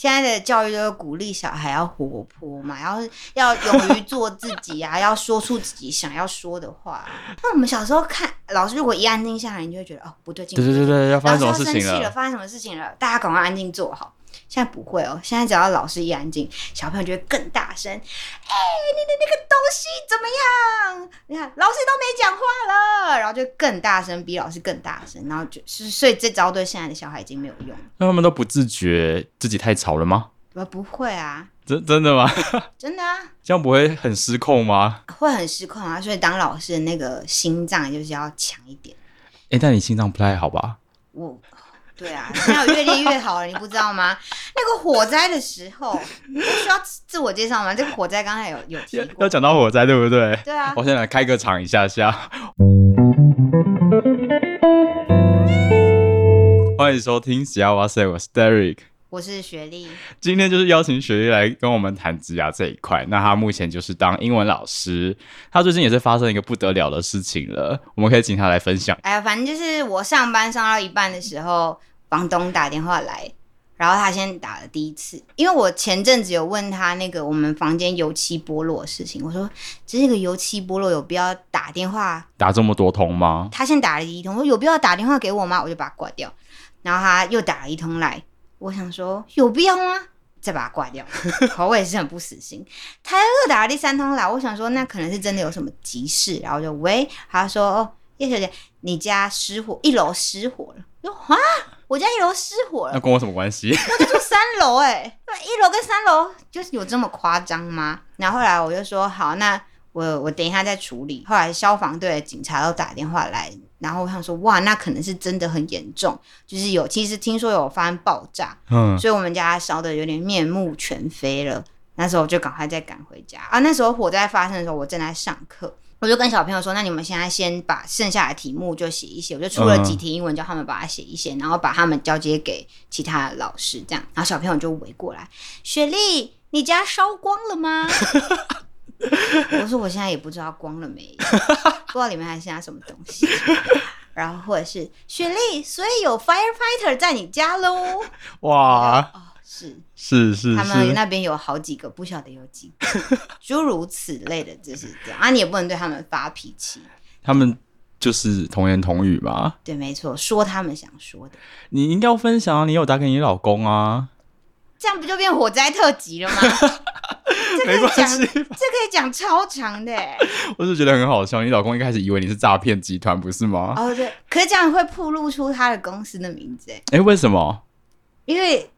現在的教育就是鼓勵小孩要活潑嘛，然後要勇於做自己啊， 要說出自己想要說的話啊。那我們小時候看老師，如果一安靜下來，你就會覺得哦，不對勁，對對對對，要發生什麼事情了？老師生氣了，發生什麼事情了？大家趕快安靜坐好。現在不會哦，現在只要老師一安靜，小朋友就會更大聲。哎、欸，你的那個東西怎麼樣？你看老師都沒講話了，然後就更大聲，比老師更大聲，然後就是所以這招對現在的小孩已經沒有用了。那他們都不自覺自己太吵了嗎？不，不會啊。真的真的嗎？ 真的啊。這樣不會很失控嗎？會很失控啊。所以當老師的那個心臟就是要強一點。哎、欸，但你心臟不太好吧？我。對啊，現在越練越好了， 你不知道嗎？那個火災的時候， 需要自我介紹嗎？這個火災剛才有有提過，要講到火災對不對？對啊，我先來開個場一下下。 歡迎收聽《西呀哇 SAY》，我是 Derek，我是雪莉。今天就是邀請雪莉來跟我們談職涯這一塊。那她目前就是當英文老師，她最近也是發生一個不得了的事情了，我們可以請她來分享。哎呀，反正就是我上班上到一半的時候。房東打電話來，然後他先打了第一次，因為我前陣子有問他那個我們房間油漆剝落的事情，我說這個油漆剝落有必要打電話，打這麼多通嗎？他先打了第一通，我說，有必要打電話給我嗎？我就把他掛掉。然後他又打了一通來，我想說有必要嗎？再把他掛掉。好， 我也是很不死心， 他又打了第三通來，我想說那可能是真的有什麼急事，然後就喂，他說哦，葉小姐，你家失火，一樓失火了。說啊，我家一樓失火了，那跟我什麼關係？那在住三樓哎、欸， 那一樓跟三樓就是有這麼誇張嗎？然後，後來我就說好，那我我等一下再處理。後來消防隊警察都打電話來，然後我想說哇，那可能是真的很嚴重，就是有其實聽說有發生爆炸，嗯，所以我們家燒得有點面目全非了。那時候我就趕快再趕回家啊，那時候火災發生的時候，我正在上課。我就跟小朋友說：“那你們現在先把剩下的題目就寫一寫，我就出了幾題英文，嗯、叫他們把它寫一寫，然後把他們交接給其他的老師，這樣。然後小朋友就圍過來：‘雪莉，你家燒光了嗎？’ 我說：‘我現在也不知道光了沒，不知道裡面還剩下什麼東西。’ 然後或者是：‘雪莉，所以有 firefighter 在你家嘍？’哇！”是,是是是，他們那邊有好幾個，不曉得有幾個，諸如此類的就是這樣 啊。你也不能對他們發脾氣，他們就是童言童語吧？對，沒錯，說他們想說的。你應該要分享啊，你有打給你老公啊，這樣不就變火災特輯了嗎？ 這個講，沒關係，這個可以講超長的、欸。 我就是覺得很好笑，你老公一開始以為你是詐騙集團，不是嗎？哦，對。可是這樣會曝露出他的公司的名字哎、欸，哎、欸，為什麼？因為。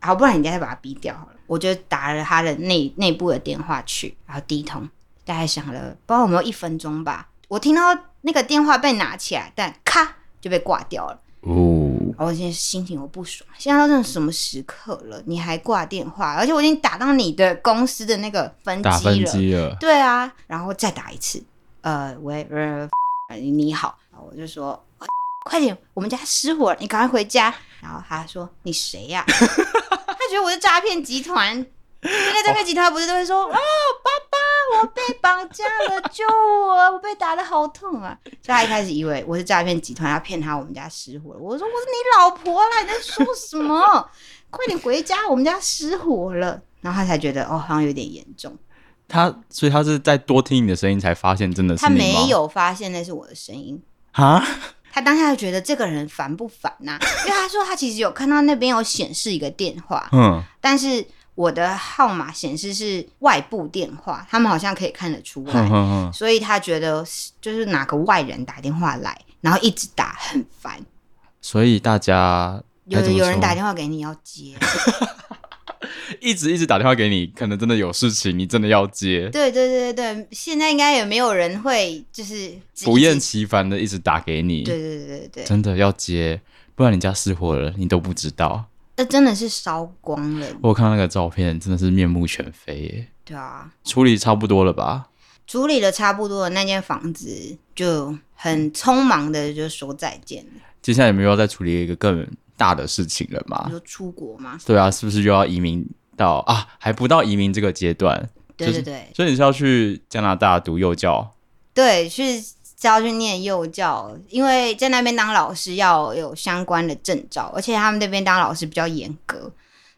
好，不然你再把他逼掉好了。我就打了他的內內部的電話去，然後第一通大概響了，不知道有沒有一分鐘吧。我聽到那個電話被拿起來，但咔就被掛掉了。哦，然後我現在心情我不爽。現在都什麼時刻了，你還掛電話？而且我已經打到你的公司的那個分機了。打分機了。對啊，然後再打一次。呃，喂，呃，呃，你好。然後我就說，呃，快點，我們家失火了，你趕快回家。然後他說：“你誰呀、啊？” 他覺得我是詐騙集團。因為詐騙集團不是都會說：“哦，哦，爸爸，我被綁架了， 救我！我被打得好痛啊！”所以他一開始以為我是詐騙集團要騙他我們家失火了，我說：“我是你老婆啦，你在說什麼？ 快點回家，我們家失火了。”然後他才覺得哦，好像有點嚴重。他所以他是在多聽你的聲音才發現真的是？他沒有發現那是我的聲音哈他當下就覺得這個人煩不煩吶、啊？因為他說他其實有看到那邊有顯示一個電話，嗯，但是我的號碼顯示是外部電話，他們好像可以看得出來，嗯嗯嗯，所以他覺得就是哪個外人打電話來，然後一直打很煩，所以大家有有人打電話給你要接。 一直一直打電話給你，可能真的有事情，你真的要接。對對對對對，現在應該也沒有人會就是急急不厭其煩的一直打給你。對對對對對，真的要接，不然你家失火了你都不知道。那真的是燒光了。我看到那個照片，真的是面目全非耶。對啊，處理差不多了吧？處理的差不多了，那間房子就很匆忙的就說再見了。接下來有沒有要再處理一個更？大的事情了嘛？就出國嘛？對啊，是不是又要移民到啊？還不到移民這個階段，對對對、就是。所以你是要去加拿大讀幼教？對，去是要去念幼教，因為在那邊當老師要有相關的證照，而且他們那邊當老師比較嚴格，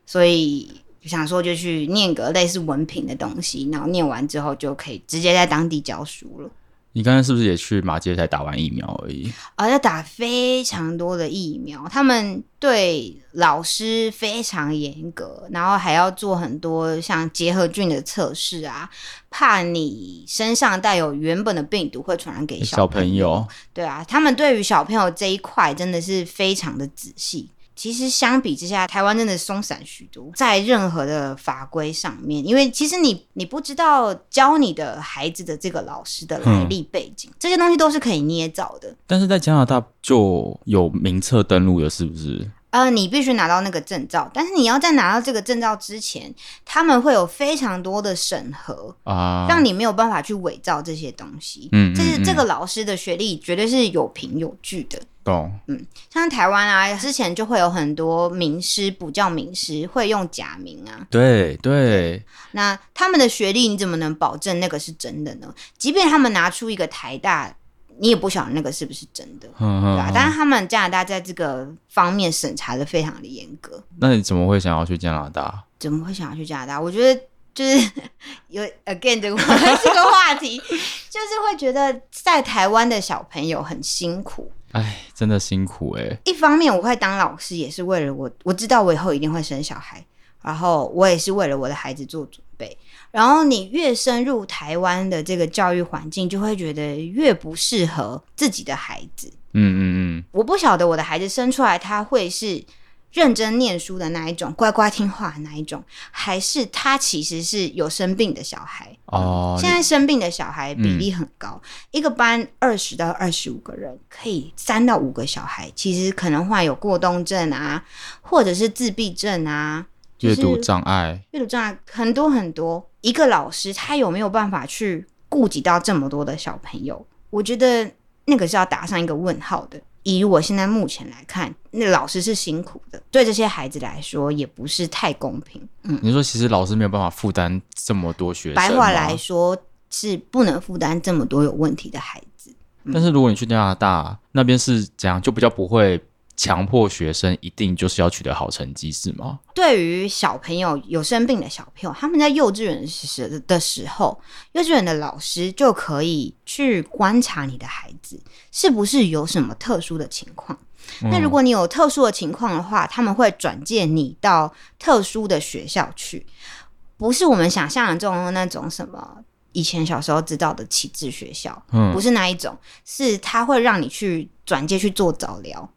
所以想說就去念個類似文憑的東西，然後念完之後就可以直接在當地教書了。你剛剛是不是也去馬街才打完疫苗而已？啊、哦，要打非常多的疫苗。他們對老師非常嚴格，然後還要做很多像結核菌的測試啊，怕你身上帶有原本的病毒會傳染給小朋友。朋友。對啊，他們對於小朋友這一塊真的是非常的仔細。其實相比之下，台灣真的鬆散許多，在任何的法規上面，因為其實你你不知道教你的孩子的這個老師的來歷、嗯、背景，這些東西都是可以捏造的。但是在加拿大就有名冊登錄的，是不是？呃，你必須拿到那個證照，但是你要在拿到這個證照之前，他們會有非常多的審核啊，讓你沒有辦法去偽造這些東西。嗯，這是這個老師的學歷絕對是有憑有據的。懂，嗯，像台灣啊，之前就會有很多名師補教名師會用假名啊，對對、嗯，那他們的學歷你怎麼能保證那個是真的呢？即便他們拿出一個台大，你也不曉得那個是不是真的，嗯，對吧嗯，嗯，但是他們加拿大在這個方面審查的非常的嚴格。那你怎麼會想要去加拿大，嗯？怎麼會想要去加拿大？我覺得就是有 again 這個話題， 就是會覺得在台灣的小朋友很辛苦。哎，真的辛苦哎，欸！一方面，我會當老師也是為了我，我知道我以後一定會生小孩，然後我也是為了我的孩子做準備。然後你越深入台灣的這個教育環境，就會覺得越不適合自己的孩子。嗯嗯嗯，我不曉得我的孩子生出來他會是。認真念書的那一種，乖乖聽話的那一種，還是他其實是有生病的小孩。哦，現在生病的小孩比例很高，嗯、一個班二十到二十五個人，可以三到五個小孩其實可能患有過動症啊，或者是自閉症啊，就是、閱讀障礙、閱讀障礙很多很多。一個老師他有沒有辦法去顧及到這麼多的小朋友？我覺得那個是要打上一個問號的。以我現在目前來看，那老師是辛苦的，對這些孩子來說也不是太公平。嗯，你說其實老師沒有辦法負擔這麼多學生，白話來說是不能負擔這麼多有問題的孩子。嗯，但是如果你去加拿大，那邊是怎樣，就比較不會。強迫學生一定就是要取得好成績是嗎？對於小朋友，有生病的小朋友，他們在幼稚園時的時候，幼稚園的老師就可以去觀察你的孩子是不是有什麼特殊的情況。那如果你有特殊的情況的話，嗯、他們會轉介你到特殊的學校去，不是我們想象的這種那種什麼以前小時候知道的啟智學校，嗯、不是那一種，是他會讓你去轉介去做早療。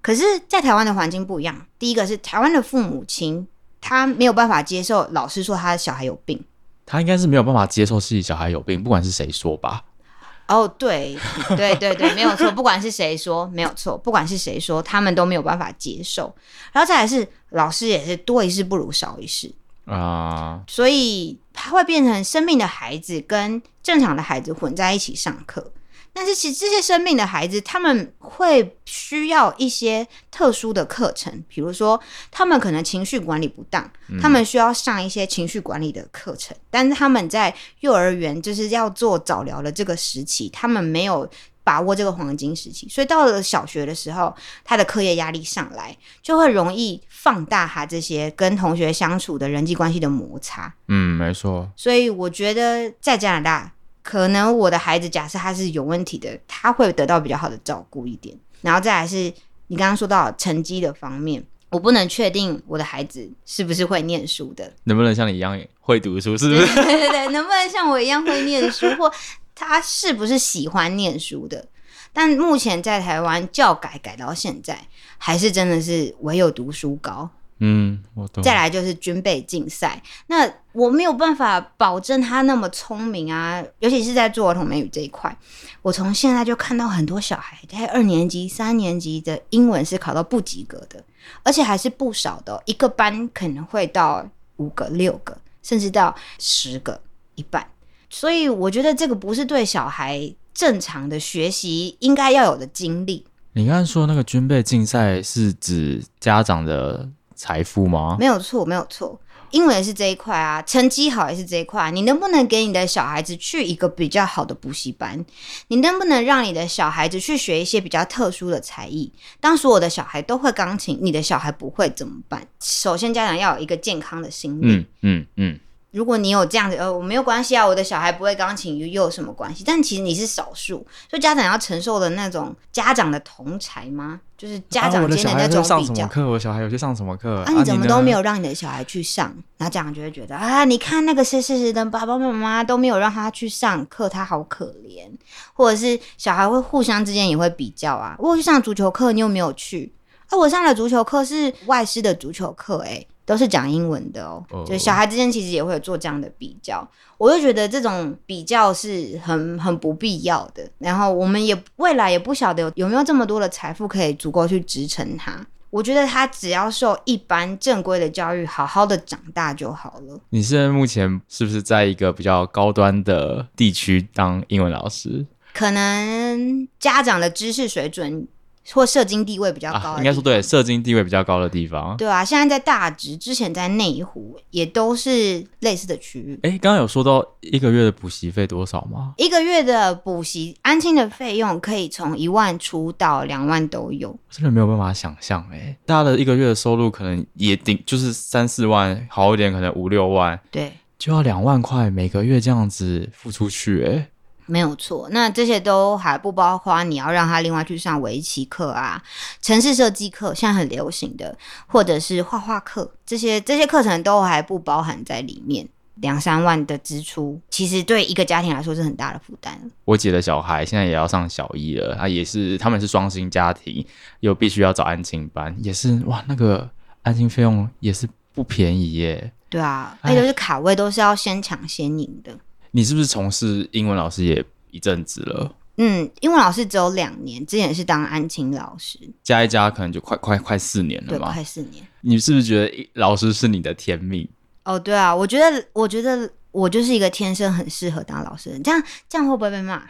可是，在台灣的環境不一樣。第一個是台灣的父母親，他沒有辦法接受老師說他的小孩有病，他應該是沒有辦法接受自己小孩有病，不管是誰說吧。哦、oh，對對對對， 沒有錯，不管是誰說，沒有錯，不管是誰說，他們都沒有辦法接受。然後再來是老師也是多一事不如少一事啊，uh、所以他會變成生病的孩子跟正常的孩子混在一起上課。但是其實這些生病的孩子，他們會需要一些特殊的課程，比如說他們可能情緒管理不當，嗯、他們需要上一些情緒管理的課程。但是他們在幼兒園就是要做早療的這個時期，他們沒有把握這個黃金時期，所以到了小學的時候，他的課業壓力上來，就會容易放大他這些跟同學相處的人際關係的摩擦。嗯，沒錯。所以我覺得在加拿大。可能我的孩子，假設他是有問題的，他會得到比較好的照顧一點。然後再來是，你剛剛說到成績的方面，我不能確定我的孩子是不是會念書的，能不能像你一樣會讀書，是不是？對對對， 能不能像我一樣會念書，或他是不是喜歡念書的？但目前在台灣，教改改到現在，還是真的是唯有讀書高。嗯，我懂。再來就是軍備競賽，那我沒有辦法保證他那麼聰明啊，尤其是在做兒童美語這一塊，我從現在就看到很多小孩在二年級、三年級的英文是考到不及格的，而且還是不少的哦，一個班可能會到五個、六個，甚至到十個、一半。所以我覺得這個不是對小孩正常的學習應該要有的經歷。你剛才說那個軍備競賽是指家長的。財富嗎？沒有錯，沒有錯，因為是這一塊啊，成績好也是這一塊，啊。你能不能給你的小孩子去一個比較好的補習班？你能不能讓你的小孩子去學一些比較特殊的才藝？當所有的小孩都會鋼琴，你的小孩不會怎麼辦？首先，家長要有一個健康的心理嗯。嗯嗯嗯。如果你有這樣子，呃、哦，我沒有關係啊，我的小孩不會鋼琴又有什麼關係？但其實你是少數，所以家長要承受的那種家長的同儕嗎，就是家長間的那種比較。啊、上什麼課？我小孩有去上什麼課？那、啊、你怎麼都沒有讓你的小孩去上？那家長就會覺得啊，你看那個誰誰誰的爸爸媽媽都沒有讓他去上課，他好可憐。或者是小孩會互相之間也會比較啊，我去上足球課，你有沒有去？啊，我上了足球課是外師的足球課，欸，誒。都是講英文的哦，oh。就小孩之間其實也會有做這樣的比較，我就覺得這種比較是很很不必要的。然後我們也未來也不曉得有有沒有這麼多的財富可以足夠去支撐他。我覺得他只要受一般正規的教育，好好的長大就好了。你現在目前是不是在一個比較高端的地區當英文老師？可能家長的知識水準。或社經地位比較高的、啊，應該說對，社經地位比較高的地方，對啊，現在在大直，之前在內湖，也都是類似的區域。哎、欸，剛剛有說到一個月的補習費多少嗎？一個月的補習，安親的費用可以從一萬出到兩萬都有，我真的沒有辦法想象哎、欸，大家的一個月的收入可能也頂就是三四萬，好一點可能五六萬，對，就要兩萬塊每個月這樣子付出去哎、欸。沒有錯，那這些都還不包括你要讓他另外去上圍棋課啊、程式設計課，現在很流行的，或者是畫畫課，這些這些課程都還不包含在裡面。兩三萬的支出，其實對一個家庭來說是很大的負擔。我姐的小孩現在也要上小一了，啊，也是他們是雙薪家庭，又必須要找安親班，也是哇，那個安親費用也是不便宜耶。對啊，還有唉就是卡位都是要先搶先贏的。你是不是從事英文老師也一陣子了？嗯，英文老師只有兩年，之前是當安親老師，加一加可能就快快快四年了嘛？快四年。你是不是覺得老師是你的天命？哦，oh, 對啊，我覺得我覺得我就是一個天生很適合當老師的，這樣這樣會不會被罵？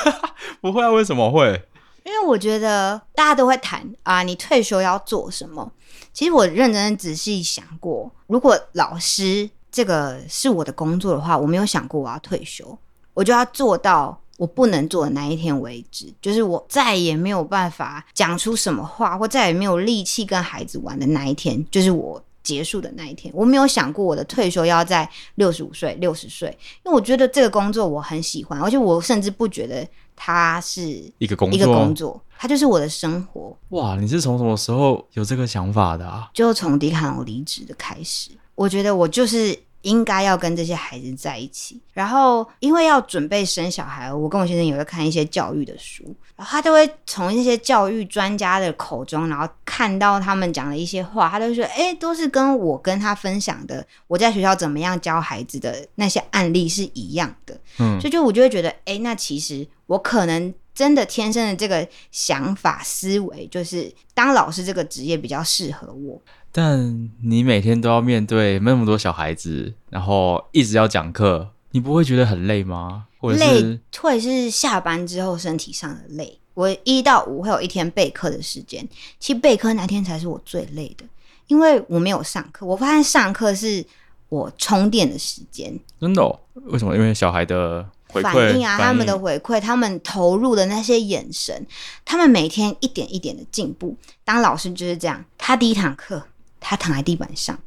不會啊，為什麼會？因為我覺得大家都會談啊，你退休要做什麼？其實我認真仔細想過，如果老師。這個是我的工作的話，我沒有想過我要退休，我就要做到我不能做的那一天為止，就是我再也沒有辦法講出什麼話，或再也沒有力氣跟孩子玩的那一天，就是我結束的那一天。我沒有想過我的退休要在六十五歲、六十歲，因為我覺得這個工作我很喜歡，而且我甚至不覺得它是一個工作，一個工作啊，它就是我的生活。哇，你是從什麼時候有這個想法的啊？就從迪卡儂離職的開始。我覺得我就是應該要跟這些孩子在一起，然後因為要準備生小孩，我跟我先生也會看一些教育的書，然後他就會從一些教育專家的口中，然後看到他們講的一些話，他就說：“哎，都是跟我跟他分享的，我在學校怎麼樣教孩子的那些案例是一樣的。”嗯，所以就我就會覺得，哎，那其實我可能真的天生的這個想法思維，就是當老師這個職業比較適合我。但你每天都要面對那麼多小孩子，然後一直要講課，你不會覺得很累嗎？累，或者是下班之後身體上的累？我一到五會有一天備課的時間，其實備課那天才是我最累的，因為我沒有上課。我發現上課是我充電的時間，真的哦？為什麼？因為小孩的回饋反應啊，應他們的回饋，他們投入的那些眼神，他們每天一點一點的進步，當老師就是這樣。他第一堂課。他躺在地板上，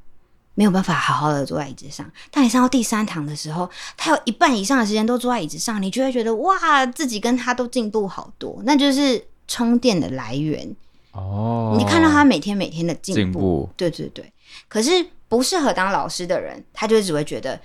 沒有辦法好好的坐在椅子上。但你上到第三堂的時候，他有一半以上的時間都坐在椅子上，你就會覺得哇，自己跟他都進步好多，那就是充電的來源哦。你看到他每天每天的進步，進步對對對。可是不適合當老師的人，他就只會覺得，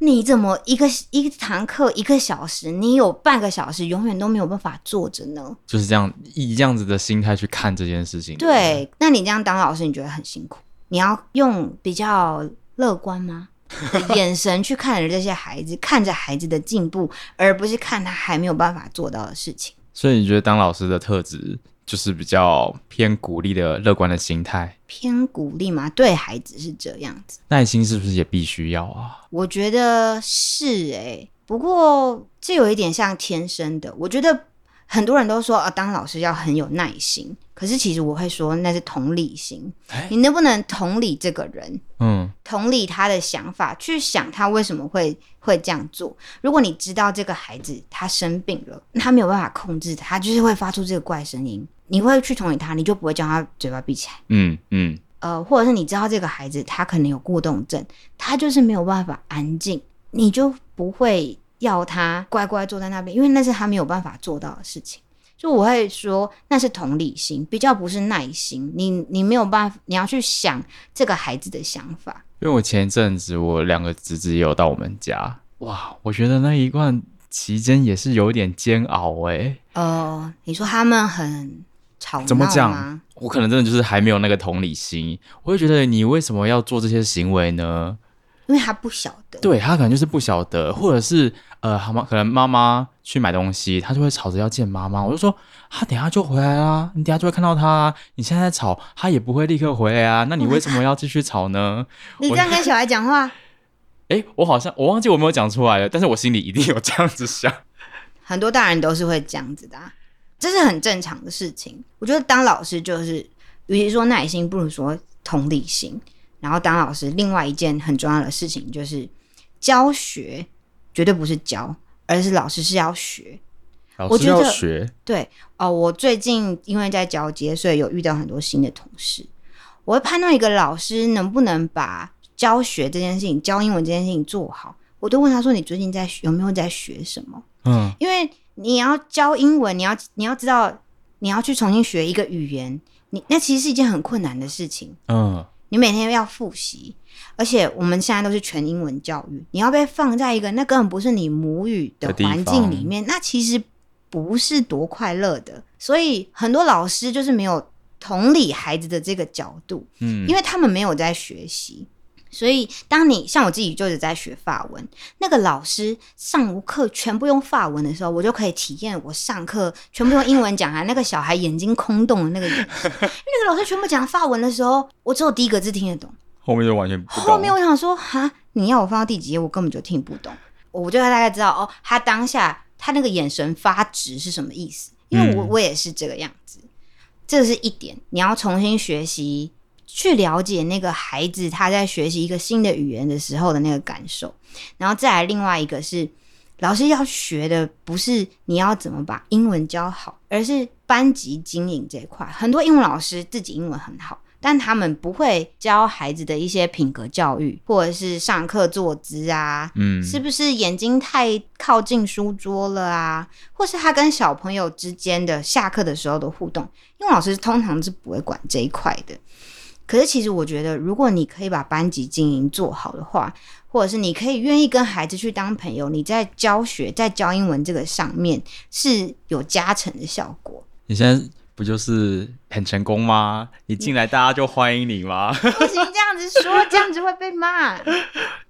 你怎麼一個一堂課一個小時，你有半個小時永遠都沒有辦法坐着呢？就是這樣，以這樣子的心態去看這件事情。對，嗯，那你這樣當老師，你覺得很辛苦？你要用比較樂觀嗎的 眼神去看着這些孩子，看着孩子的進步，而不是看他還沒有辦法做到的事情。所以你覺得當老師的特質就是比較偏鼓勵的、樂觀的心態，偏鼓勵嗎？對孩子是這樣子，耐心是不是也必須要啊？我覺得是哎、欸，不過這有一點像天生的，我覺得。很多人都說啊，當老師要很有耐心。可是其實我會說，那是同理心。欸、你能不能同理這個人？嗯，同理他的想法，去想他為什麼會會這樣做。如果你知道這個孩子他生病了，他沒有辦法控制他，他就是會發出這個怪聲音，你會去同理他，你就不會將他嘴巴閉起來。嗯嗯。嗯呃，或者是你知道這個孩子他可能有過動症，他就是沒有辦法安靜，你就不會。要他乖乖坐在那邊，因為那是他沒有辦法做到的事情。就我會說，那是同理心，比較不是耐心。你你沒有辦法，你要去想這個孩子的想法。因為我前一陣子，我兩個姪子也有到我們家，哇，我覺得那一段期間也是有點煎熬哎、欸。哦、呃，你說他們很吵，怎麼講？我可能真的就是還沒有那個同理心。我會覺得，你為什麼要做這些行為呢？因為他不曉得，對，他可能就是不曉得，或者是呃，好嗎？可能媽媽去買東西，他就會吵着要見媽媽。我就說，他等下就回來啦，你等下就會看到他。你現在在吵，他也不會立刻回來啊。那你為什麼要繼續吵呢？你這樣跟小孩講話，哎、欸，我好像我忘記我沒有講出來了，但是我心裡一定有這樣子想。很多大人都是會這樣子的、啊，這是很正常的事情。我覺得當老師就是，與其說耐心，不如說同理心。然後當老師，另外一件很重要的事情就是教學，絕對不是教，而是老師是要學。老師要學，我覺得對哦，我最近因為在交接，所以有遇到很多新的同事。我會判斷一個老師能不能把教學這件事情，教英文這件事情做好，我都問他說：“你最近在學，有沒有在學什麼？”嗯，因為你要教英文，你要你要知道你要去重新學一個語言，你那其實是一件很困難的事情。嗯。你每天要複習，而且我們現在都是全英文教育，你要被放在一個那根本不是你母語的環境裡面，那其實不是多快樂的。所以很多老師就是沒有同理孩子的這個角度，嗯，因為他們沒有在學習。所以，當你像我自己就是在學法文，那個老師上午課全部用法文的時候，我就可以體驗我上課全部用英文講啊，那個小孩眼睛空洞的那個眼神， 那個老師全部講法文的時候，我只有第一個字聽得懂，後面就完全不懂。後面我想說哈，你要我放到第幾頁，我根本就聽不懂。我就大概知道哦，他當下他那個眼神發直是什麼意思，因為我、嗯、我也是這個樣子。這是一點，你要重新學習。去了解那個孩子他在學習一個新的語言的時候的那個感受，然後再來另外一個是老師要學的不是你要怎麼把英文教好，而是班級經營這一塊。很多英文老師自己英文很好，但他們不會教孩子的一些品格教育，或者是上課坐姿啊，嗯，是不是眼睛太靠近書桌了啊，或是他跟小朋友之間的下課的時候的互動，英文老師通常是不會管這一塊的。可是，其實我覺得，如果你可以把班級經營做好的話，或者是你可以願意跟孩子去當朋友，你在教學在教英文這個上面是有加成的效果。你現在不就是很成功嗎？一進來大家就歡迎你嗎？你 不行，這樣子說，這樣子會被罵。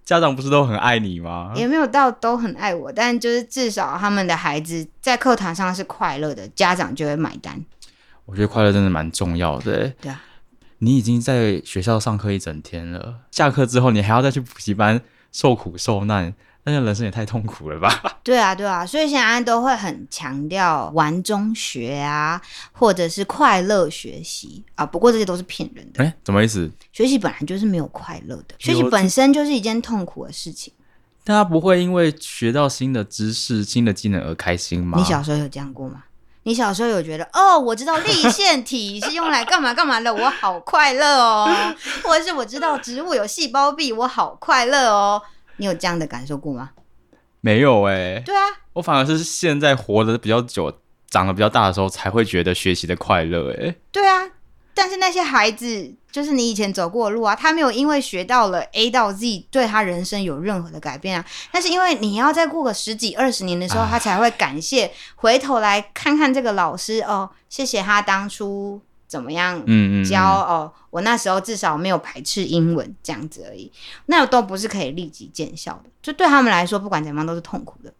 家長不是都很愛你嗎？也沒有到都很愛我，但就是至少他們的孩子在課堂上是快樂的，家長就會買單。我覺得快樂真的蠻重要的欸。對啊。你已經在學校上課一整天了，下課之後你還要再去補習班受苦受難，那人生也太痛苦了吧？對啊，對啊，所以現在安安都會很強調玩中學啊，或者是快樂學習啊，不過這些都是騙人的。哎，什麼意思？學習本來就是沒有快樂的，有學習本身就是一件痛苦的事情。大家不會因為學到新的知識、新的技能而開心嗎？你小時候有這樣過嗎？你小時候有覺得哦，我知道粒線體是用來幹嘛幹嘛的， 我好快樂哦，或者是我知道植物有細胞壁，我好快樂哦。你有這樣的感受過嗎？沒有哎、欸。對啊，我反而是現在活得比較久、長得比較大的時候，才會覺得學習的快樂哎、欸。對啊。但是那些孩子，就是你以前走過的路啊，他沒有因為學到了 A 到 Z 對他人生有任何的改變啊。但是因為你要再過個十幾二十年的時候，他才會感謝，回頭來看看這個老師唉哦，謝謝他當初怎麼樣教嗯嗯嗯哦，我那時候至少沒有排斥英文這樣子而已。那都不是可以立即見效的，就對他們來說，不管怎樣都是痛苦的。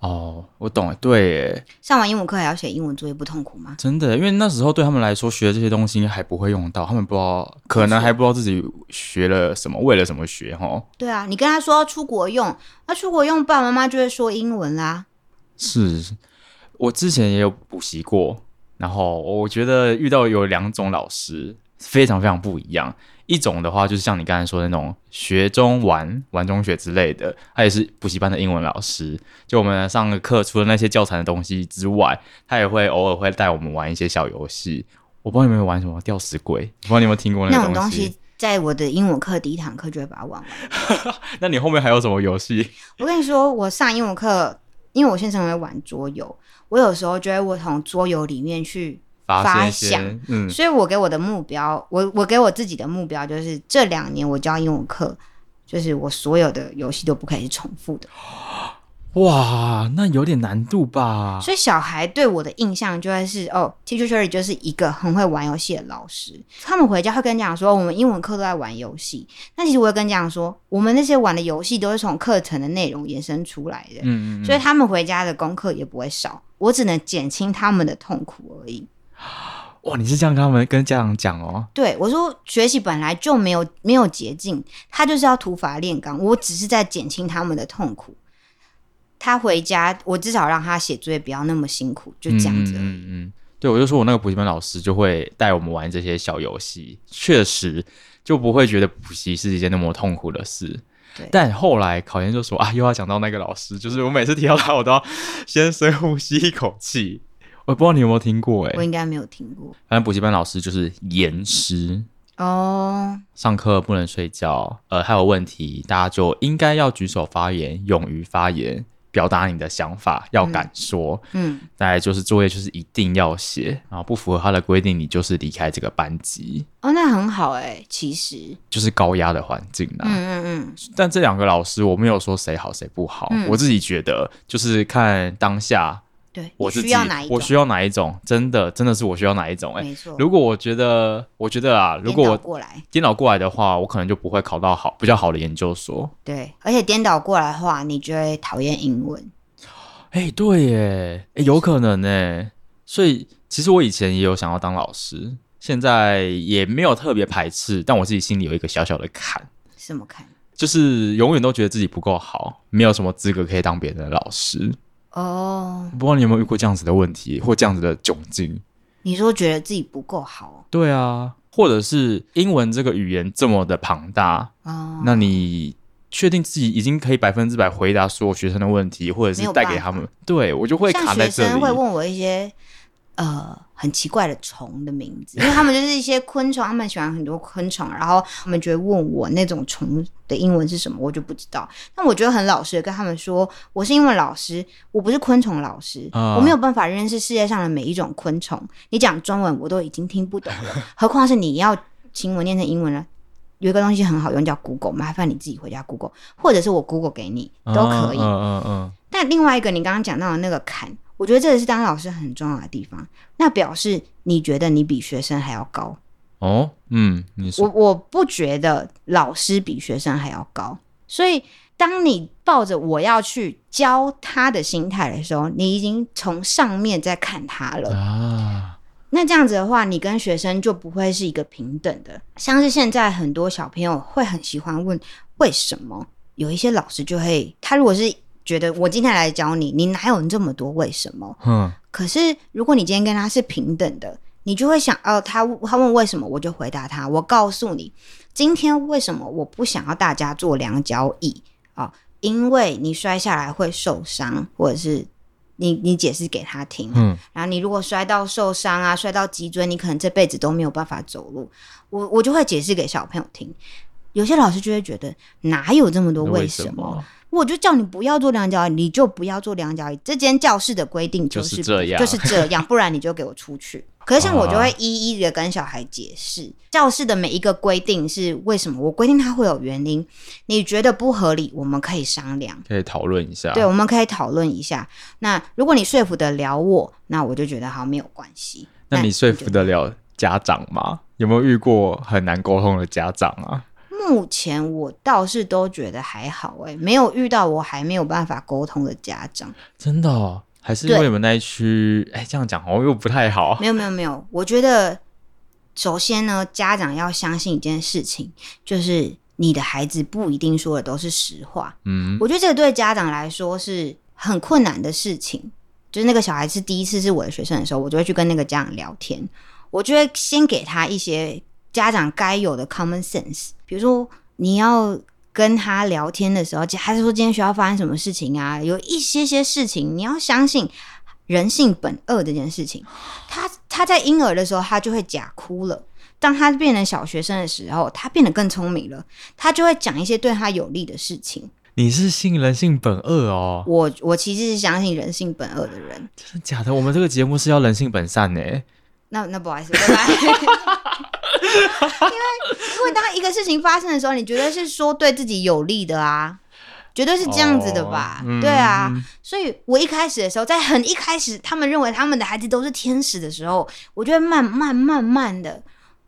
哦，我懂了，對耶。上完英文課還要寫英文作業，不痛苦嗎？真的，因為那時候對他們來說學這些東西還不會用到，他們不知道，可能還不知道自己學了什麼，是為了什麼學哈。哦、對啊，你跟他說要出國用，他出國用爸爸媽媽就會說英文啦。是，我之前也有補習過，然後我覺得遇到有兩種老師，非常非常不一樣。一種的話就是像你剛才說的那種學中玩，玩中學之類的，他也是補習班的英文老師。就我們上個課除了那些教材的東西之外，他也會偶爾會帶我們玩一些小遊戲。我不知道你們玩什麼吊死鬼，我不知道你有沒有聽過那種東西。那種東西，在我的英文課第一堂課就會把它玩完。 那你後面還有什麼遊戲？我跟你說，我上英文課，因為我現在在玩桌遊，我有時候覺得我從桌遊裡面去。發想，所以我給我的目標，我我給我自己的目標就是這兩年我教英文課，就是我所有的遊戲都不可以重複的。哇，那有點難度吧？所以小孩對我的印象就是哦 Teacher Shirley 就是一個很會玩遊戲的老師。他們回家會跟你講說，我們英文課都在玩遊戲。那其實我會跟你講說，我們那些玩的遊戲都是從課程的內容延伸出來的。所以他們回家的功課也不會少，我只能減輕他們的痛苦而已。哇！你是這樣跟他們、跟家長講哦、喔？對，我說學習本來就沒有沒有捷徑，他就是要土法煉鋼。我只是在減輕他們的痛苦。他回家，我至少讓他寫作業不要那麼辛苦，就這樣子。嗯，對，我就說我那個補習班老師就會帶我們玩這些小遊戲，確實就不會覺得補習是一件那麼痛苦的事。對。但後來考研就說啊，又要講到那個老師，就是我每次提到他，我都要先深呼吸一口氣。我不知道你有沒有聽過哎、欸，我應該沒有聽過。反正補習班老師就是嚴師哦，oh. 上課不能睡覺，呃，還有問題大家就應該要舉手發言，勇於發言，表達你的想法，要敢說。嗯、mm，大概、hmm. 就是作業就是一定要寫，然後不符合他的規定，你就是離開這個班級。哦，oh, 那很好哎、欸，其實就是高壓的環境啦、啊。嗯嗯嗯。Hmm. 但這兩個老師，我沒有說誰好誰不好，mm hmm. 我自己覺得就是看當下。對，我需，我需要哪一種？真的，真的是我需要哪一種？沒錯，欸、如果我覺得，我覺得啊，如果我過來顛倒過來的話，我可能就不會考到好比較好的研究所。對，而且顛倒過來的話，你就會討厭英文。哎、欸，對耶，欸、有可能哎。是。所以其實我以前也有想要當老師，現在也沒有特別排斥，但我自己心裡有一個小小的坎。什麼坎？就是永遠都覺得自己不夠好，沒有什麼資格可以當別人的老師。哦，oh, 不知道你有沒有遇過這樣子的問題或這樣子的窘境？你說覺得自己不夠好，對啊，或者是英文這個語言這麼的龐大，oh, 那你確定自己已經可以百分之百回答所有學生的問題，或者是帶給他們？對，我就會卡在這裡。會問我一些。呃，很奇怪的蟲的名字，因為他們就是一些昆蟲，他們喜歡很多昆蟲，然後他們就會問我那種蟲的英文是什麼，我就不知道。但我覺得很老實的跟他們說，我是英文老師，我不是昆蟲老師，我沒有辦法認識世界上的每一種昆蟲。Oh. 你講中文我都已經聽不懂了，何況是你要請我念成英文了。有一個東西很好用，叫 Google。麻煩你自己回家 Google，或者是我 Google 給你都可以。Oh, oh, oh, oh. 但另外一個，你剛剛講到的那個坎。我覺得這個是當老師很重要的地方。那表示你覺得你比學生還要高？哦，嗯，你說，我我不覺得老師比學生還要高。所以當你抱着我要去教他的心態的時候，你已經從上面在看他了啊。那這樣子的話，你跟學生就不會是一個平等的。像是現在很多小朋友會很喜歡問為什麼，有一些老師就會，他如果是。覺得我今天來教你，你哪有這麼多為什麼？嗯，可是如果你今天跟他是平等的，你就會想哦，呃，他他問為什麼，我就回答他。我告訴你，今天為什麼我不想要大家做兩腳椅啊？因為你摔下來會受傷，或者是你你解釋給他聽。嗯，然後你如果摔到受傷啊，摔到脊椎，你可能這輩子都沒有辦法走路。我我就會解釋給小朋友聽。有些老師就會覺得，哪有這麼多為什麼？我就叫你不要坐兩腳椅，你就不要坐兩腳椅，這間教室的規定、就是、就，是就是這樣，就是這樣，不然你就給我出去。可是像我就會一一的跟小孩解釋，啊、教室的每一個規定是為什麼，我規定它會有原因。你覺得不合理，我們可以商量，可以討論一下。對，我們可以討論一下。那如果你說服得了我，那我就覺得好像沒有關係。那你說服得了家長嗎？有沒有遇過很難溝通的家長啊？目前我倒是都覺得還好、欸，哎，沒有遇到我還沒有辦法溝通的家長，真的、哦、還是因為我們那一區，對哎，這樣講哦又不太好。沒有沒有沒有，我覺得首先呢，家長要相信一件事情，就是你的孩子不一定說的都是實話。嗯，我覺得這個對家長來說是很困難的事情。就是那個小孩是第一次是我的學生的時候，我就會去跟那個家長聊天，我就會先給他一些家長該有的 common sense。比如說，你要跟他聊天的時候，還是說今天學校發生什麼事情啊？有一些些事情，你要相信人性本惡的這件事情。他他在嬰兒的時候，他就會假哭了；當他變成小學生的時候，他變得更聰明了，他就會講一些對他有利的事情。你是信人性本惡哦？我我其實是相信人性本惡的人。真的假的？我們這個節目是要人性本善耶。那那不好意思，拜拜。 因為因為當一個事情發生的時候，你覺得是說對自己有利的啊，絕對是這樣子的吧？哦、對啊，嗯、所以我一開始的時候，在很一開始，他們認為他們的孩子都是天使的時候，我就會慢慢慢慢的，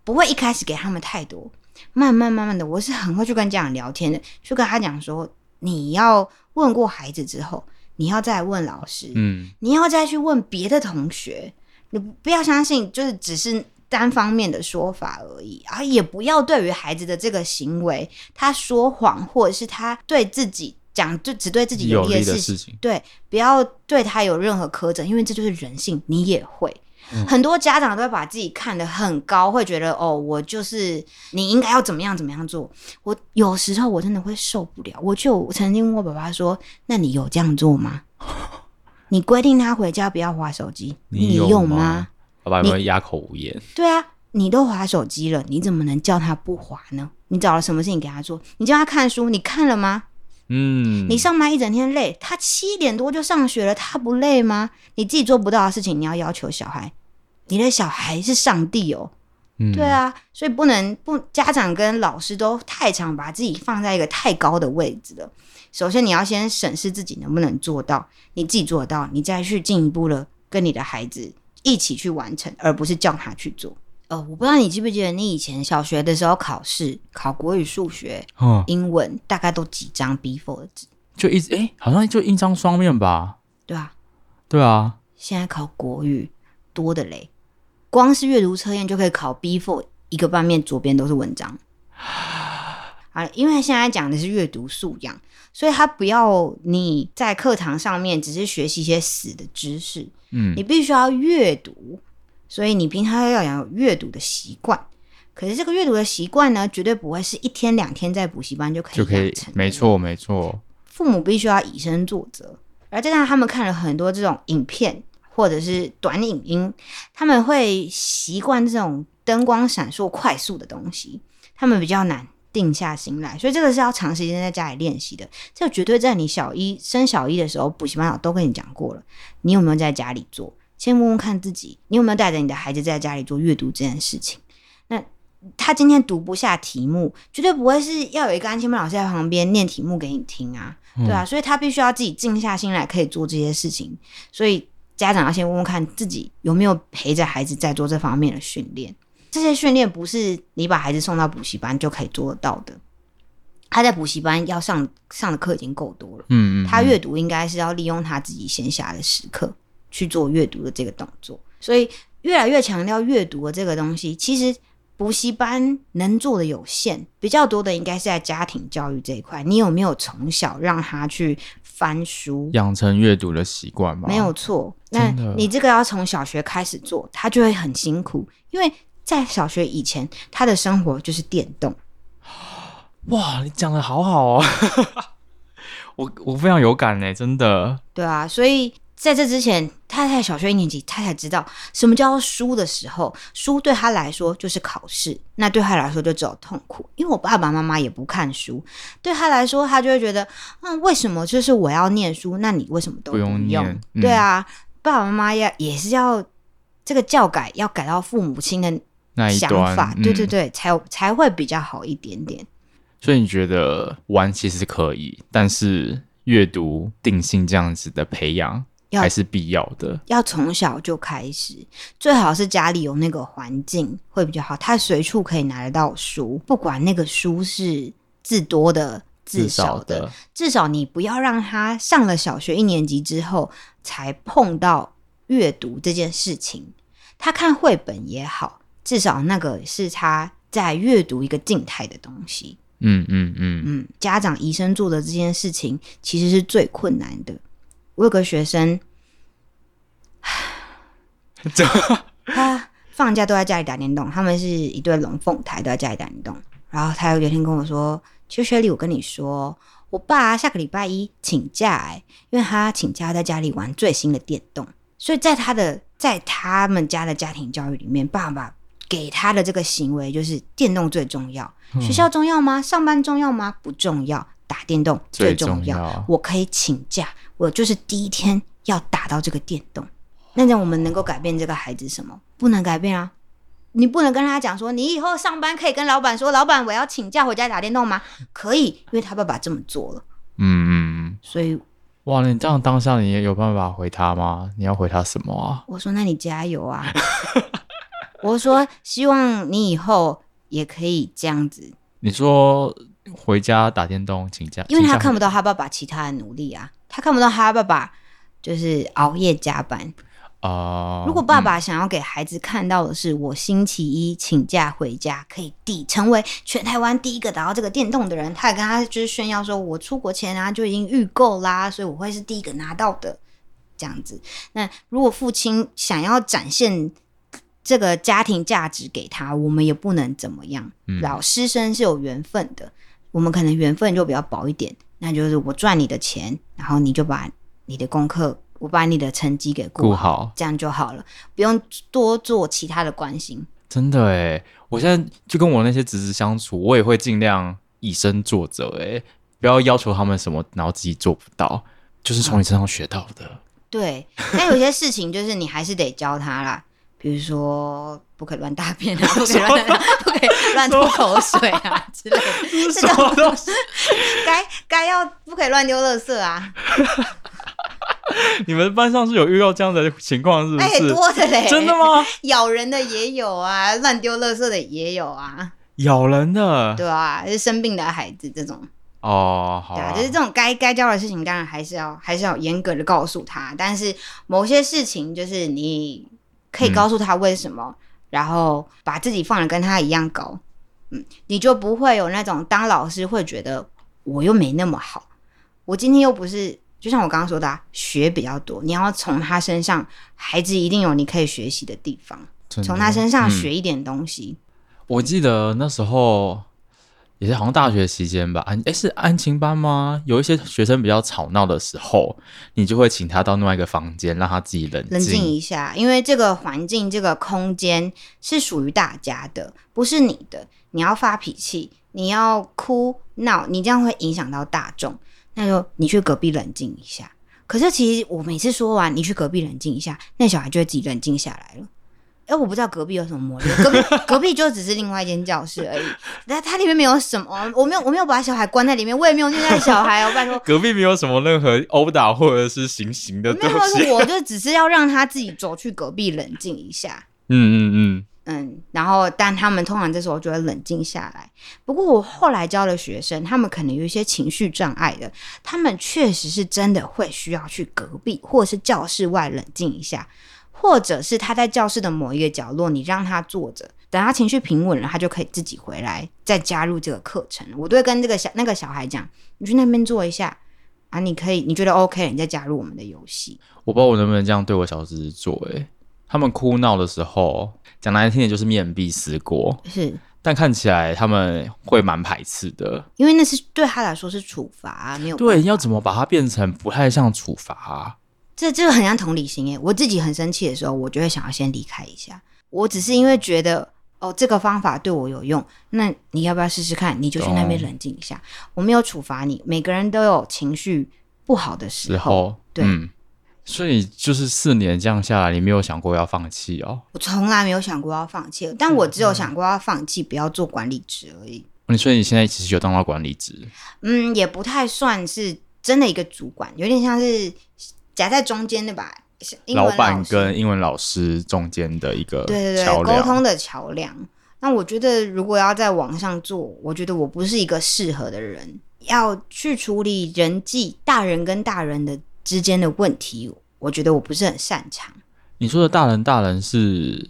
不會一開始給他們太多。慢慢慢慢的，我是很會去跟家長聊天的，去跟他講說，你要問過孩子之後，你要再問老師，嗯、你要再去問別的同學。你不要相信，就是只是單方面的說法而已啊！也不要對於孩子的這個行為，他說謊或者是他對自己講，就只對自己有利的事，有利的事情，對，不要對他有任何苛責，因為這就是人性。你也會，嗯、很多家長都會把自己看得很高，會覺得哦，我就是你應該要怎麼樣怎麼樣做。我有時候我真的會受不了，我就曾經問我爸爸說：“那你有這樣做嗎？” 你規定他回家不要滑手機，你，用你有嗎？爸爸有沒有啞口無言？對啊，你都滑手機了，你怎麼能叫他不滑呢？你找了什麼事情給他做？你叫他看書，你看了嗎？嗯。你上班一整天累，他七點多就上學了，他不累嗎？你自己做不到的事情，你要要求小孩，你的小孩是上帝哦。嗯、對啊，所以不能不家長跟老師都太常把自己放在一個太高的位置了。首先，你要先審視自己能不能做到，你自己做得到，你再去進一步的跟你的孩子一起去完成，而不是叫他去做。呃，我不知道你記不記得，你以前小學的時候考試考國語、數學、嗯、英文，大概都幾張 B4 的紙，就一直哎、欸，好像就一張雙面吧？對啊，對啊。現在考國語多的嘞，光是閱讀測驗就可以考 B4 一個半面，左邊都是文章。啊，因為現在講的是閱讀素養，所以他不要你在課堂上面只是學習一些死的知識，嗯，你必須要閱讀，所以你平常要養成閱讀的習慣。可是這個閱讀的習慣呢，絕對不會是一天兩天在補習班就可以就可以成，沒錯，沒錯沒錯。父母必須要以身作則，而加上他們看了很多這種影片或者是短影音，他們會習慣這種燈光閃爍、快速的東西，他們比較難定下心來，所以這個是要長時間在家裡練習的。這絕對在你小一生小一的時候，補習班老師都跟你講過了。你有沒有在家裡做？先問問看自己，你有沒有帶着你的孩子在家裡做閱讀這件事情？那他今天讀不下題目，絕對不會是要有一個安親班老師在旁邊念題目給你聽啊，嗯、對啊，所以他必須要自己靜下心來，可以做這些事情。所以家長要先問問看自己有沒有陪着孩子在做這方面的訓練。這些訓練不是你把孩子送到補習班就可以做得到的。他在補習班要上上的課已經夠多了，嗯,嗯,嗯。他閱讀應該是要利用他自己閒暇的時刻去做閱讀的這個動作。所以越來越強調閱讀的這個東西，其實補習班能做的有限，比較多的應該是在家庭教育這一塊。你有沒有從小讓他去翻書，養成閱讀的習慣嗎？沒有錯，真的。那你這個要從小學開始做，他就會很辛苦，因為。在小學以前，他的生活就是電動。哇，你講得好好哦、喔， 我我非常有感呢、欸，真的。對啊，所以在這之前，太太小學一年級，他才知道什麼叫書的時候，書對他來說就是考試，那對他來說就只有痛苦。因為我爸爸媽媽也不看書，對他來說，他就會覺得，嗯，為什麼就是我要念書？那你為什麼都不用，不用念？嗯、對啊，爸爸媽媽要也是要這個教改要改到父母親的。那一段想法，對對對，嗯、才才會比較好一點點。所以你覺得玩其實可以，但是閱讀定性這樣子的培養還是必要的要，要從小就開始，最好是家裡有那個環境會比較好，他隨處可以拿得到書，不管那個書是字多的、字少的，至少的，至少你不要讓他上了小學一年級之後才碰到閱讀這件事情，他看繪本也好。至少那個是他在閱讀一個靜態的東西。嗯嗯嗯嗯，家長以身作則這件事情其實是最困難的。我有個學生，他放假都在家裡打電動，他們是一對龍鳳胎都在家裡打電動。然後他又有一天跟我說：“其實雪莉，我跟你說，我爸下個禮拜一請假，欸，哎，因為他請假在家裡玩最新的電動，所以在他的在他們家的家庭教育裡面，爸爸。”給他的這個行為就是電動最重要，嗯、學校重要嗎？上班重要嗎？不重要，打電動最重要。重要我可以請假，我就是第一天要打到這個電動。那這樣我們能夠改變這個孩子什麼？不能改變啊！你不能跟他講說，你以後上班可以跟老闆說，老闆我要請假回家打電動嗎？可以，因為他爸爸這麼做了。嗯，所以，哇，你這樣當下你也有辦法回他嗎？你要回他什麼啊？我說，那你加油啊！ 我說：希望你以後也可以這樣子。你說回家打電動請假，因為他看不到他爸爸其他的努力啊，他看不到他爸爸就是熬夜加班。啊。如果爸爸想要給孩子看到的是，我星期一請假回家可以第成為全台灣第一個打到這個電動的人，他也跟他就是炫耀說，我出國前啊就已經預購啦，所以我會是第一個拿到的這樣子。那如果父親想要展現這個家庭價值給他，我們也不能怎麼樣。嗯、老師生是有緣分的，我們可能緣分就比較薄一點。那就是我賺你的錢，然後你就把你的功課，我把你的成績給過好，顧好，這樣就好了，不用多做其他的關心。真的哎、欸，我現在就跟我那些侄子相處，我也會盡量以身作則哎、欸，不要要求他們什麼，然後自己做不到，就是從你身上學到的。嗯、 對，但有些事情就是你還是得教他啦。比如說，不可亂大便，啊、不可以亂吐，啊、麼口水啊什麼 之類的，這是的 該，該該要不可亂丟垃圾啊。 你們班上是有遇到這樣的情況，是不是？欸、多的嘞！真的嗎？咬人的也有啊，亂丟垃圾的也有啊，咬人的對啊，就是、生病的孩子這種哦，好啊，對啊，就是這種該該教的事情，當然還是要還是要嚴格的告訴他。但是某些事情，就是你。可以告訴他為什麼，嗯、然後把自己放得跟他一樣高，嗯，你就不會有那種當老師會覺得我又沒那麼好，我今天又不是就像我剛剛說的、啊、學比較多，你要從他身上，孩子一定有你可以學習的地方，真的從他身上學一點東西。嗯、我記得那時候。也是好像大學期間吧，安、欸、是安親班嗎？有一些學生比較吵鬧的時候，你就會請他到另外一個房間，讓他自己冷靜冷靜一下。因為這個環境、這個空間是屬於大家的，不是你的。你要發脾氣，你要哭鬧，你這樣會影響到大眾。那就你去隔壁冷靜一下。可是其實我每次說完，你去隔壁冷靜一下，那小孩就會自己冷靜下來了。哎，欸、我不知道隔壁有什麼魔力，隔壁隔壁，就只是另外一間教室而已，那 它裡面沒有什麼，我沒有我沒有把小孩關在裡面，我也沒有虐待小孩、喔。我拜托，隔壁沒有什麼任何毆打或者是行刑的東西，我沒有，我就只是要讓他自己走去隔壁冷靜一下。嗯 嗯嗯嗯，嗯，然後但他們通常這時候就會冷靜下來。不過我後來教的學生，他們可能有一些情緒障礙的，他們確實是真的會需要去隔壁或者是教室外冷靜一下。或者是他在教室的某一個角落，你讓他坐着，等他情緒平穩了，他就可以自己回來再加入這個課程。我都會跟這個小那個小孩講：“你去那邊坐一下啊，你可以，你覺得 OK，你再加入我們的遊戲。”我不知道我能不能這樣對我小侄子做、欸。誒，他們哭鬧的時候，講難聽點就是面壁思過。是，但看起來他們會蠻排斥的，因為那是對他來說是處罰、啊，沒有，對，要怎麼把它變成不太像處罰、啊？這這個很像同理心耶。我自己很生氣的時候，我就會想要先離開一下。我只是因為覺得哦，這個方法對我有用，那你要不要試試看？你就去那邊冷靜一下。哦、我沒有處罰你，每個人都有情緒不好的時候，後對、嗯。所以就是四年這樣下來，你沒有想過要放棄哦？我從來沒有想過要放棄，但我只有想過要放棄不要做管理職而已。你說、嗯嗯、你現在其實就當了管理職，嗯，也不太算是真的一個主管，有點像是。夾在中間的吧，英文老師，老闆跟英文老師中間的一個橋梁，對對對，溝通的橋梁。那我覺得，如果要在網上做，我覺得我不是一個適合的人。要去處理人際，大人跟大人的之間的問題，我覺得我不是很擅長。你說的大人，大人是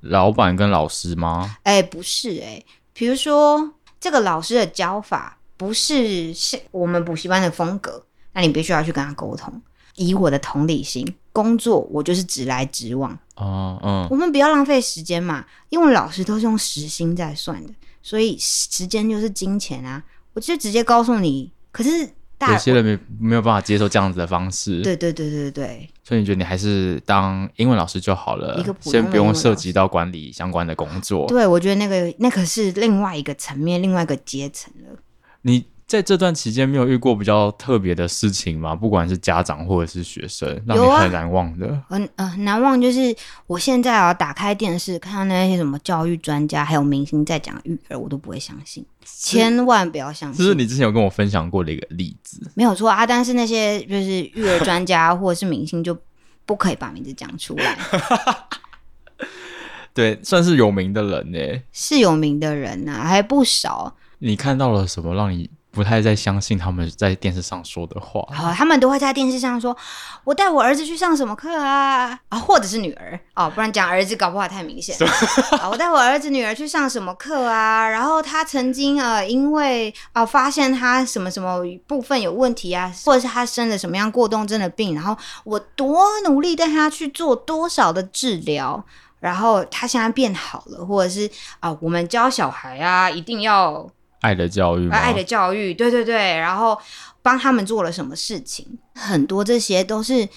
老闆跟老師嗎？哎、欸，不是哎、欸，比如說這個老師的教法不是像我們補習班的風格，那你必須要去跟他溝通。以我的同理心，工作我就是直來直往，哦、嗯，我們不要浪費時間嘛，因為老師都是用時薪在算的，所以時間就是金錢啊！我就直接告訴你，可是大家有些人沒沒有辦法接受這樣子的方式，對對對對對對。所以你覺得你還是當英文老師就好了，一個普先不用涉及到管理相關的工作。對，我覺得那個那可是另外一個層面，另外一個階層了。你。在這段期間沒有遇過比較特別的事情嗎？不管是家長或者是學生，讓你很難忘的，很、啊、呃，呃難忘。就是我現在啊，打開電視看到那些什麼教育專家還有明星在講育兒，我都不會相信，千萬不要相信。這是，是你之前有跟我分享過的一個例子，沒有錯啊。但是那些就是育兒專家或者是明星就不可以把名字講出來， 對，算是有名的人呢、欸，是有名的人吶、啊，還不少。你看到了什麼讓你？不太再相信他們在電視上說的話。哦、他們都會在電視上說：“我帶我兒子去上什麼課啊啊、哦，或者是女兒啊、哦，不然講兒子搞不好太明顯、 哦、我帶我兒子女兒去上什麼課啊？然後他曾經呃，因為呃，發現他什麼什麼部分有問題啊，或者是他生了什麼樣過動症的病，然後我多努力帶他去做多少的治療，然後他現在變好了，或者是啊、呃，我們教小孩啊，一定要。”愛的教育，愛的教育，對對對，然後幫他們做了什麼事情？很多這些都是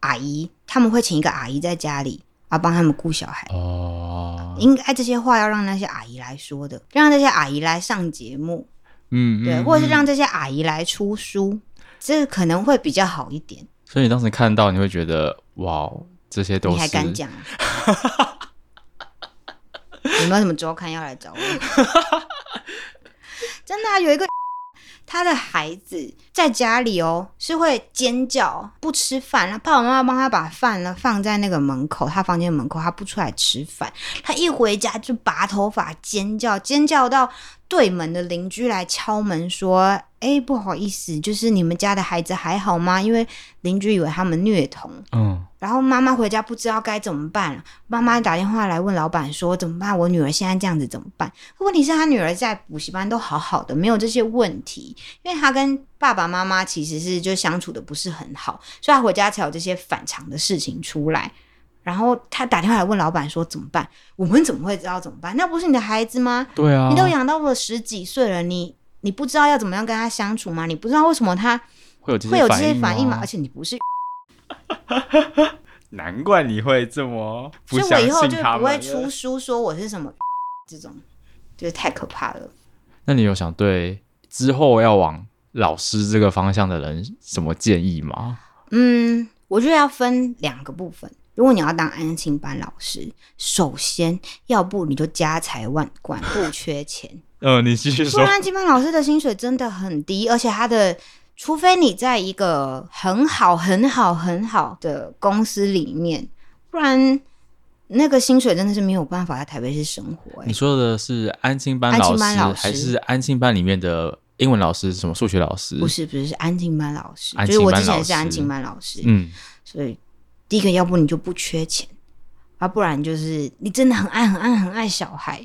阿姨，他們會請一個阿姨在家裡啊幫他們顧小孩哦。應該這些話要讓那些阿姨來說的，讓那些阿姨來上節目，嗯，嗯，嗯，對，或者是讓這些阿姨來出書，這可能會比較好一點。所以你當時看到，你會覺得哇，這些都是？你還敢講？ 你沒有什麼周刊要來找我？ 真的、啊、有一個 X X，他的孩子在家裡哦，是會尖叫不吃飯，然後爸爸媽媽幫他把飯呢放在那個門口，他房間門口，他不出來吃飯，他一回家就拔頭髮尖叫，尖叫到對門的鄰居來敲門說：“哎、欸，不好意思，就是你們家的孩子還好嗎？”因為鄰居以為他們虐童。嗯然後媽媽回家不知道該怎麼辦了，媽媽打電話來問老板說：“怎麼辦？我女兒現在這樣子怎麼辦？”問題是他女兒在補習班都好好的，沒有這些問題，因為她跟爸爸媽媽其實是就相處的不是很好，所以她回家才有這些反常的事情出來。然後她打電話來問老板說：“怎麼辦？我們怎麼會知道怎麼辦？那不是你的孩子嗎？對啊，你都養到了十幾歲了，你你不知道要怎麼樣跟他相處嗎？你不知道為什麼他會有這些反應嗎？應嗎？而且你不是。” 難怪你會這麼不相信他們了。我以後就不會出書，說我是什麼、X、這種，就是太可怕了。那你有想對之後要往老師這個方向的人什麼建議嗎？嗯，我覺得要分兩個部分。如果你要當安心班老師，首先要不你就家財萬貫，不缺錢。 嗯，你繼續說。說安親班老師的薪水真的很低，而且他的除非你在一個很好、很好、很好的公司裡面，不然那個薪水真的是沒有辦法在台北市生活、欸。你說的是安親班老師，老師還是安親班裡面的英文老師？什麼數學老師？不是，不是，是安親班老師，就是我之前是安親班老師。嗯，所以第一個，要不你就不缺錢，啊、嗯，不然就是你真的很愛、很愛、很愛小孩。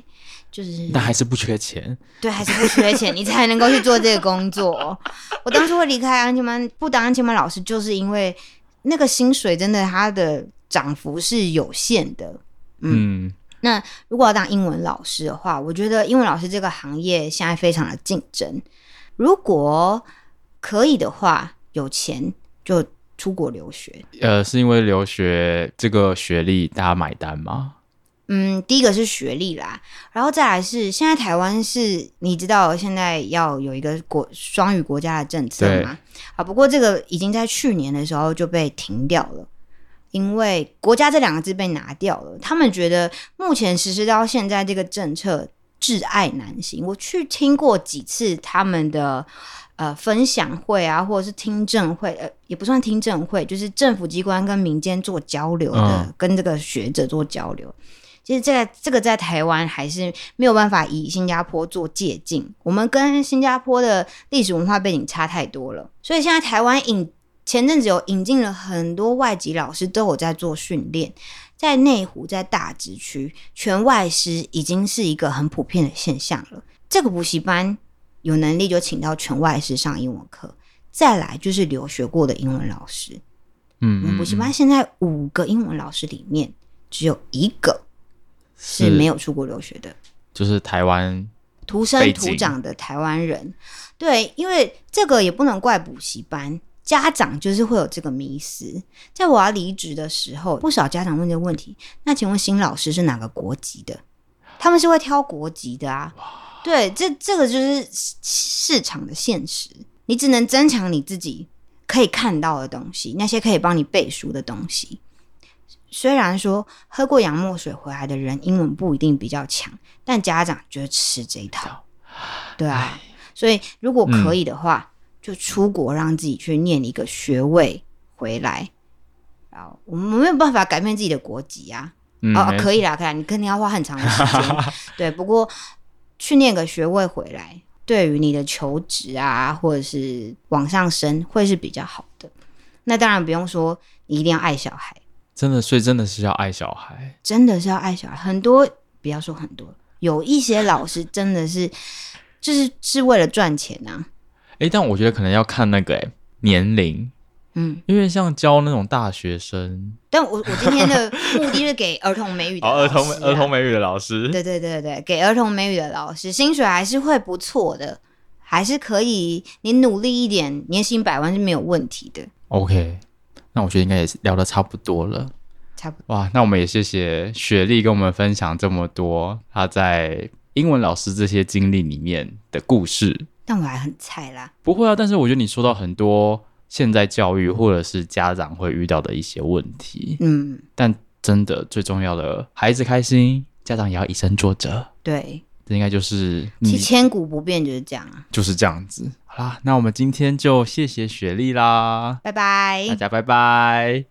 就是，那還是不缺錢。對，還是不缺錢， 你才能夠去做這個工作。我當初會離開安親班，不當安親班老師，就是因為那個薪水真的它的漲幅是有限的。嗯，嗯，那如果要當英文老師的話，我覺得英文老師這個行業現在非常的競爭。如果可以的話，有錢就出國留學。呃，是因為留學這個學歷大家買單嗎？嗯，第一個是學歷啦，然後再來是現在台灣是你知道現在要有一個國雙語國家的政策嗎？對啊，不過這個已經在去年的時候就被停掉了，因為國家這兩個字被拿掉了。他們覺得目前實施到現在這個政策，窒礙難行。我去聽過幾次他們的呃分享會啊，或者是聽證會，呃，也不算聽證會，就是政府機關跟民間做交流的，哦、跟這個學者做交流。其實在，在這個在台灣還是沒有辦法以新加坡做借鑒。我們跟新加坡的歷史文化背景差太多了，所以現在台灣引前陣子有引進了很多外籍老師，都有在做訓練，在內湖、在大直區，全外師已經是一個很普遍的現象了。這個補習班有能力就請到全外師上英文課，再來就是留學過的英文老師。嗯，補習班現在五個英文老師裡面只有一個，是沒有出國留學的，是就是台灣土生土長的台灣人。對，因為這個也不能怪補習班家長，就是會有這個迷思。在我要離職的時候，不少家長問這個問題。那請問新老師是哪個國籍的？他們是會挑國籍的啊。哇對，這這個就是市場的現實，你只能增強你自己可以看到的東西，那些可以幫你背書的東西。雖然說喝過洋墨水回來的人英文不一定比較強，但家長覺得吃這一套，對啊。唉所以如果可以的話，嗯、就出國讓自己去念一個學位回來啊。我們沒有辦法改變自己的國籍啊。啊，可以啦，可以啦，你肯定要花很長的時間。 對，不過去念個學位回來，對於你的求職啊，或者是往上升，會是比較好的。那當然不用說，你一定要愛小孩。真的，所以真的是要愛小孩，真的是要愛小孩。很多，不要說很多，有一些老師真的是， 就是是為了賺錢啊、欸。但我覺得可能要看那個、欸、年齡，嗯，因為像教那種大學生，但我我今天的目的是給兒童美語的老師、啊，兒童、 哦、兒童美語的老師，對對對對，給兒童美語的老師，薪水還是會不錯的，還是可以，你努力一點，年薪百萬是沒有問題的。OK。那我覺得應該也聊得差不多了，差不多哇。那我們也謝謝雪莉跟我們分享這麼多她在英文老師這些經歷裡面的故事。但我還很菜啦，不會啊。但是我覺得你說到很多現在教育或者是家長會遇到的一些問題，嗯。但真的最重要的，孩子開心，家長也要以身作則。對，這應該就是其千古不變就是這樣啊，就是這樣子。啊，那我們今天就謝謝雪莉啦，拜拜，大家拜拜。